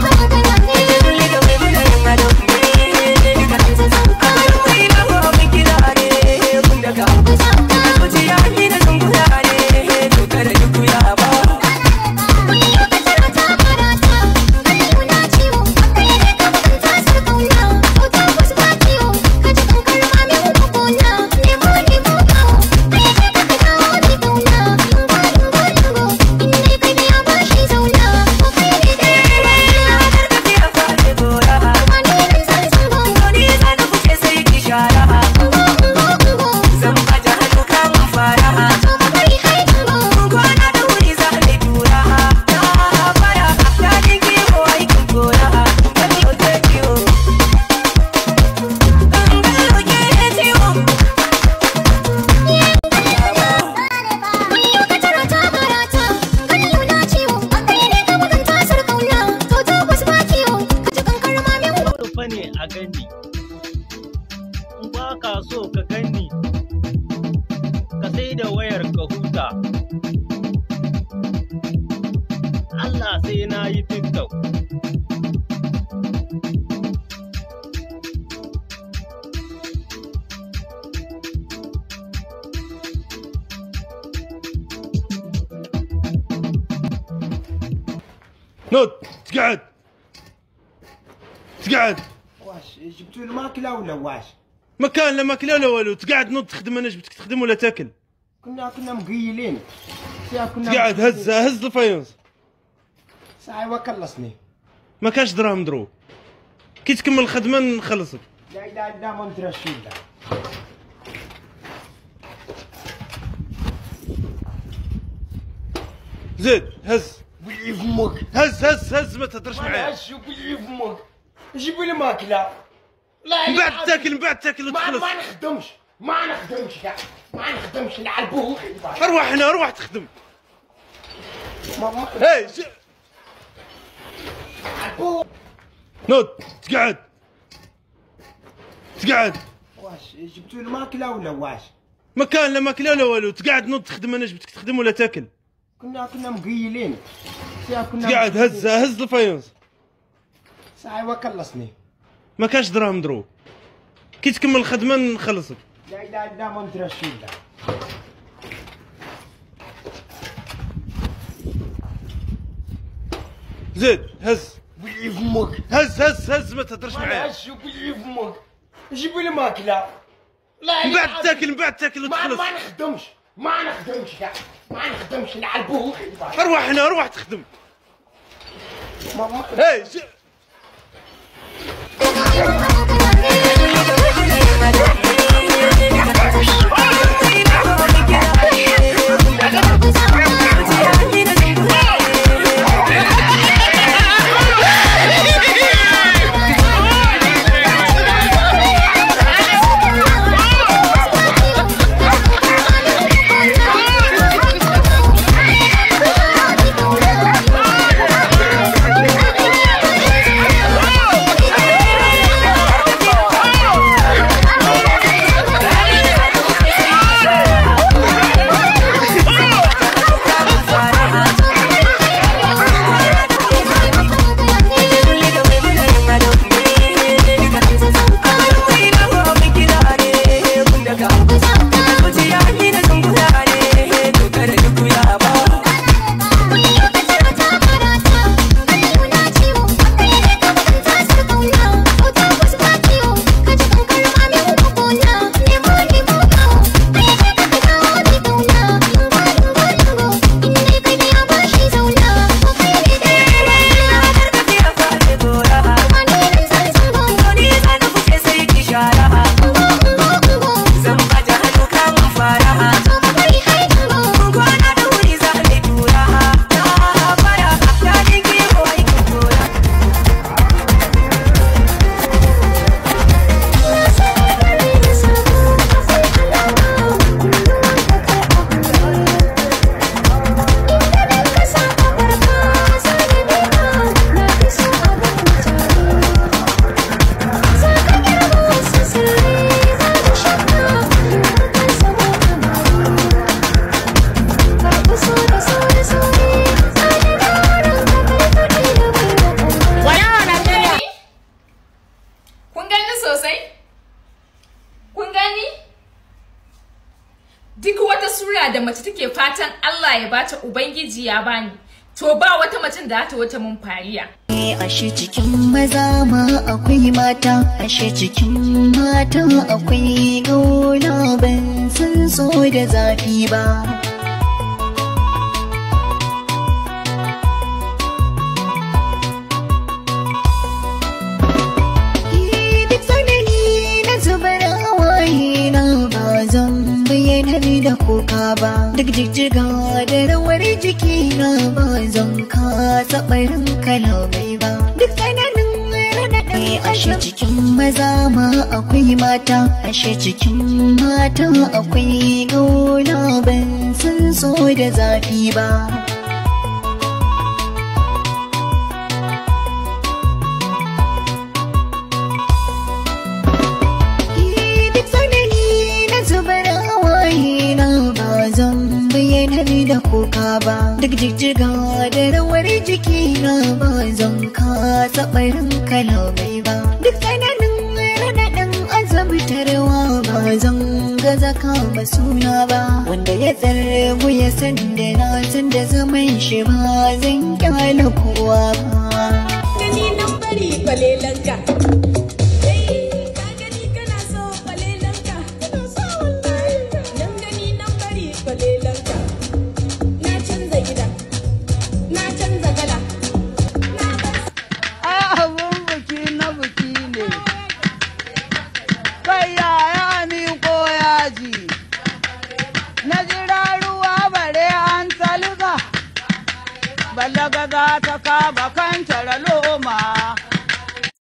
Bye. baka so ka gani ka sai da wayar ka huta Allah sai na yi tiktok نط تقعد تقعد واش جبتوا الماكله ولا واش ما كان لا ماكله لا والو تقعد نوض تخدم انا جبتك تخدم ولا تاكل كنا كنا مقيلين كنا تقعد هز هز الفايونس ساعه وكلصني ما كانش دراهم دروب كي تكمل الخدمه نخلصك لا لا لا ما نديرش لا زيد هز بلي فمك هز هز هز ما تهدرش معايا هز بلي فمك جيب لي ماكله من بعد تاكل من بعد تاكل وتخلص ما نخدمش ما نخدمش كاع ما نخدمش نعلبوه اروح هنا اروح تخدم هاي نوض تقعد تقعد واش جبتوا الماكله ولا واش ما كان لا ماكله ولا والو تقعد نوض تخدم انا جبتك تخدم ولا تاكل كنا كنا مقيلين تقعد هز هز الفايونس ساعه وكلصني ما كاش دراهم دروب كي تكمل الخدمه نخلصك لا لا لا ما نتراش لا زيد هز بلي فمك هز هز هز ما تهدرش معايا هز بلي فمك جيب لي ماكله من بعد تاكل من بعد تاكل وتخلص ما نخدمش ما نخدمش كاع ما نخدمش نعلبوه اروح هنا اروح تخدم هاي Thank you. sosai kun gani duk wata sura da mace take fatan Allah ya bata ubangiji ya bani to ba wata mace da ta wata mun fariya ashe cikin maza ma akwai mata ashe cikin mata akwai gauna ban san so da zafi ba da kuka ba duk jijjiga da rawar jiki na ba zan ka tsabarin kalamai ba duk tsananin raɗaɗin eh, ashe cikin maza ma akwai mata ashe cikin mata akwai gauna ban san so da zafi ba kai nari da kuka ba duk jijjiga da rawar jiki na ba zan ka taɓa mai ba duk tsananin raɗaɗin azabtarwa ba zan gaza ba suna ba wanda ya mu ya san da na san da zaman shi ba zan kyala kowa ba. Kani nan bari kwalelanka.